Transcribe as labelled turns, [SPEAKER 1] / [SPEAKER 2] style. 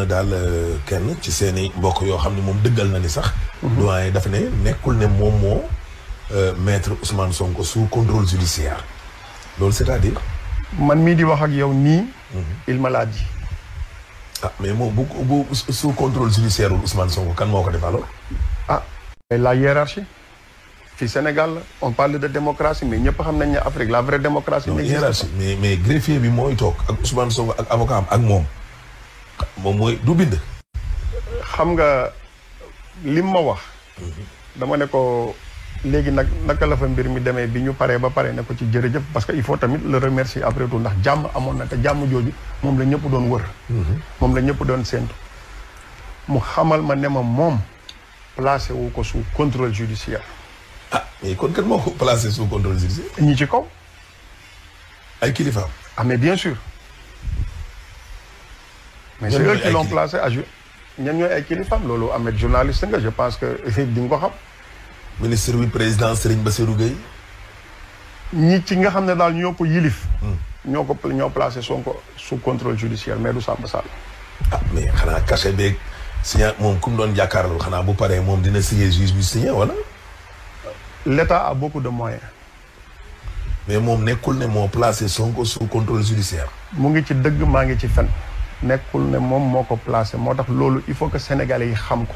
[SPEAKER 1] na daal euh, kenn ci seen i mbokk yoo xam ne moom dëggal na ni sax. Mhm. doyen dafa ne nekkul ne moom moo euh, maître Ousmane Sonko sous contrôle judiciaire loolu c'est-à-dire. man mii di wax ak yow nii. Mhm. il m'a l'a dit. ah mais moom bu bu sous contrôle judiciaire wul Ousmane Sonko kan moo ko def alors. ah la hiérarchie fii Sénégal on parle de démocratie mais ñëpp xam nañ ne Afrique la vraie démocratie. non hiérarchie mais mais greffier bi mooy toog ak Ousmane Sonko ak avocat am ak moom. moom mooy du bind. xam nga lim ma wax. dama ne ko léegi nag naka la fa mbir mi demee bi ñu paree ba pare ne ci jërëjëf parce que il faut tamit le remercier après tout ndax jàmm amoon na te jàmm jooju moom la ñëpp doon wër. Mhm. moom la ñëpp doon séentu. mu xamal ma ne ma moom placé wu ko sous contrôle judiciaire. ah mais kon moo ko placé sous contrôle judiciaire. ñi ci kaw. ay kilifaam. ah mais bien sûr. mais ñoom ñooy qui l'ont placé à ju ñoom ñooy ay kilifaam je pense que di nga ko xam. ministre bi président Serigne Bassirou Gueye. ñi ci nga xam ne daal ñoo ko yilif. Hmm. ñoo ko ñoo placé Sonko sous contrôle mais du Samba Sall. ah mais xanaa cachet beeg signé moom ku mu jàkkaarloo xanaa bu paree moom dina signé juge bi signé wala. l'État a de moyens. mais moom nekkul ne moo placé Sonko sous contrôle judiciaire. mu ngi ci dëgg maa ngi ci fen. nekkul ne moom moo ko placé moo tax loolu il faut que sénégalais yi xam ko